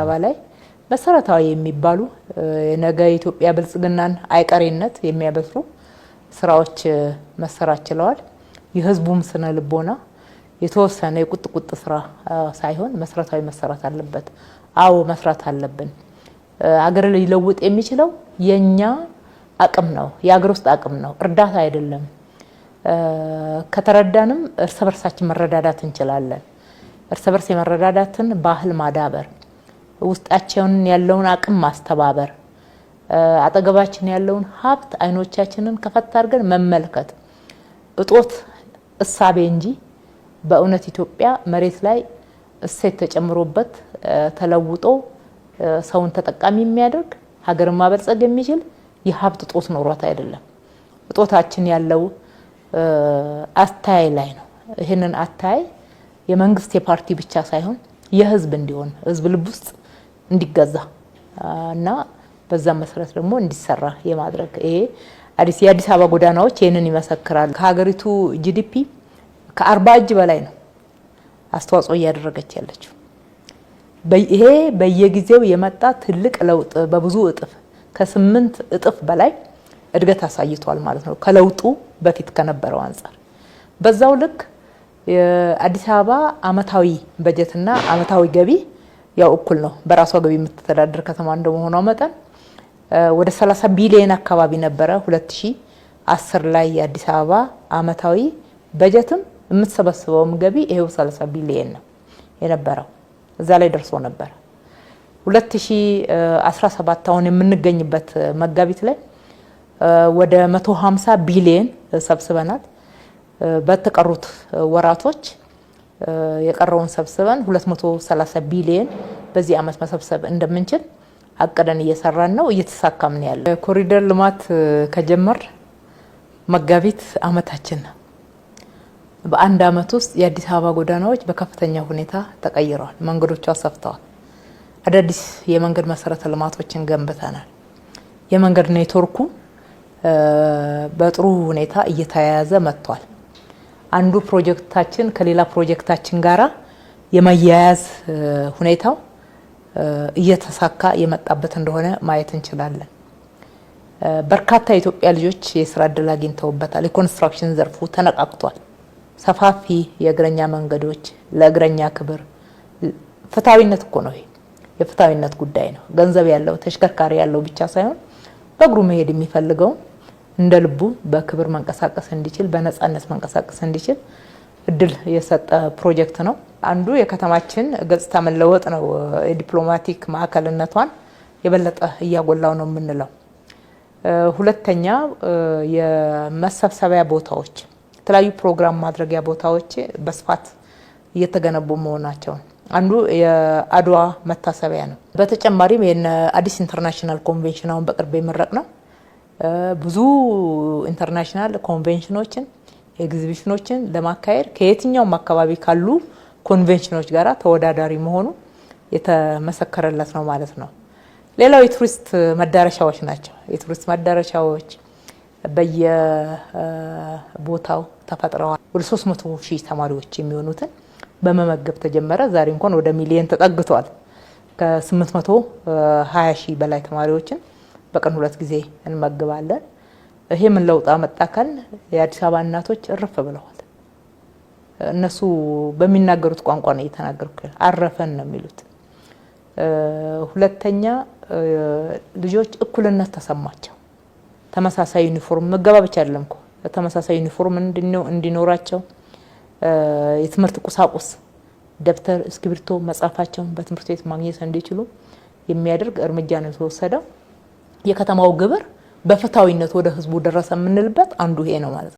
አበባ ላይ መሰረታዊ የሚባሉ የነገ የኢትዮጵያ ብልጽግናን አይቀሬነት የሚያበስሩ ስራዎች መሰራት ችለዋል። የህዝቡም ስነ ልቦና የተወሰነ የቁጥቁጥ ስራ ሳይሆን መሰረታዊ መሰራት አለበት። አዎ መስራት አለብን። አገር ሊለውጥ የሚችለው የኛ አቅም ነው፣ የአገር ውስጥ አቅም ነው፣ እርዳታ አይደለም። ከተረዳንም እርስ በርሳችን መረዳዳት እንችላለን። እርስ በርስ የመረዳዳትን ባህል ማዳበር ውስጣቸውን ያለውን አቅም ማስተባበር፣ አጠገባችን ያለውን ሀብት አይኖቻችንን ከፈት አድርገን መመልከት እጦት እሳቤ እንጂ በእውነት ኢትዮጵያ መሬት ላይ እሴት ተጨምሮበት ተለውጦ ሰውን ተጠቃሚ የሚያደርግ ሀገርን ማበልጸግ የሚችል የሀብት እጦት ኖሯት አይደለም። እጦታችን ያለው አስተያይ ላይ ነው። ይህንን አስተያይ የመንግስት የፓርቲ ብቻ ሳይሆን የህዝብ እንዲሆን ህዝብ ልብ ውስጥ እንዲገዛ እና በዛ መሰረት ደግሞ እንዲሰራ የማድረግ ይሄ አዲስ የአዲስ አበባ ጎዳናዎች ይህንን ይመሰክራል። ከሀገሪቱ ጂዲፒ ከአርባ እጅ በላይ ነው አስተዋጽኦ እያደረገች ያለችው። ይሄ በየጊዜው የመጣ ትልቅ ለውጥ በብዙ እጥፍ ከስምንት እጥፍ በላይ እድገት አሳይቷል ማለት ነው ከለውጡ በፊት ከነበረው አንጻር። በዛው ልክ የአዲስ አበባ አመታዊ በጀትና አመታዊ ገቢ ያው እኩል ነው። በራሷ ገቢ የምትተዳደር ከተማ እንደመሆኗ መጠን ወደ 30 ቢሊዮን አካባቢ ነበረ 2010 ላይ የአዲስ አበባ አመታዊ በጀትም የምትሰበስበውም ገቢ ይሄው 30 ቢሊዮን ነው የነበረው። እዛ ላይ ደርሶ ነበር 2017 አሁን የምንገኝበት መጋቢት ላይ ወደ 150 ቢሊዮን ሰብስበናል። በተቀሩት ወራቶች የቀረውን ሰብስበን 230 ቢሊየን በዚህ አመት መሰብሰብ እንደምንችል አቅደን እየሰራን ነው። እየተሳካም ነው ያለው። የኮሪደር ልማት ከጀመር መጋቢት አመታችን ነው። በአንድ አመት ውስጥ የአዲስ አበባ ጎዳናዎች በከፍተኛ ሁኔታ ተቀይረዋል። መንገዶቿ አሰፍተዋል። አዳዲስ የመንገድ መሰረተ ልማቶችን ገንብተናል። የመንገድ ኔትወርኩ በጥሩ ሁኔታ እየተያያዘ መጥቷል። አንዱ ፕሮጀክታችን ከሌላ ፕሮጀክታችን ጋራ የመያያዝ ሁኔታው እየተሳካ የመጣበት እንደሆነ ማየት እንችላለን። በርካታ የኢትዮጵያ ልጆች የስራ እድል አግኝተውበታል። የኮንስትራክሽን ዘርፉ ተነቃቅቷል። ሰፋፊ የእግረኛ መንገዶች፣ ለእግረኛ ክብር፣ ፍትሐዊነት እኮ ነው። የፍትሐዊነት ጉዳይ ነው። ገንዘብ ያለው ተሽከርካሪ ያለው ብቻ ሳይሆን በእግሩ መሄድ የሚፈልገው እንደ ልቡ በክብር መንቀሳቀስ እንዲችል በነፃነት መንቀሳቀስ እንዲችል እድል የሰጠ ፕሮጀክት ነው። አንዱ የከተማችን ገጽታ መለወጥ ነው። የዲፕሎማቲክ ማዕከልነቷን የበለጠ እያጎላው ነው የምንለው። ሁለተኛ የመሰብሰቢያ ቦታዎች፣ የተለያዩ ፕሮግራም ማድረጊያ ቦታዎች በስፋት እየተገነቡ መሆናቸውን አንዱ የአድዋ መታሰቢያ ነው። በተጨማሪም የአዲስ ኢንተርናሽናል ኮንቬንሽን አሁን በቅርብ የመረቅ ነው ብዙ ኢንተርናሽናል ኮንቬንሽኖችን፣ ኤግዚቢሽኖችን ለማካሄድ ከየትኛውም አካባቢ ካሉ ኮንቬንሽኖች ጋር ተወዳዳሪ መሆኑ የተመሰከረለት ነው ማለት ነው። ሌላው የቱሪስት መዳረሻዎች ናቸው። የቱሪስት መዳረሻዎች በየቦታው ተፈጥረዋል። ወደ 300 ሺህ ተማሪዎች የሚሆኑትን በመመገብ ተጀመረ። ዛሬ እንኳን ወደ ሚሊየን ተጠግቷል። ከ820 ሺህ በላይ ተማሪዎችን በቀን ሁለት ጊዜ እንመግባለን። ይሄ ምን ለውጥ አመጣ የአዲስ አበባ እናቶች እርፍ ብለዋል። እነሱ በሚናገሩት ቋንቋ ነው እየተናገርኩ አረፈን ነው የሚሉት። ሁለተኛ ልጆች እኩልነት ተሰማቸው። ተመሳሳይ ዩኒፎርም ምገባ ብቻ አይደለም እኮ ተመሳሳይ ዩኒፎርም እንዲኖራቸው የትምህርት ቁሳቁስ ደብተር፣ እስክሪብቶ፣ መጽሐፋቸውን በትምህርት ቤት ማግኘት እንዲችሉ የሚያደርግ እርምጃ ነው የተወሰደው። የከተማው ግብር በፍትሃዊነት ወደ ህዝቡ ደረሰ የምንልበት አንዱ ይሄ ነው ማለት ነው።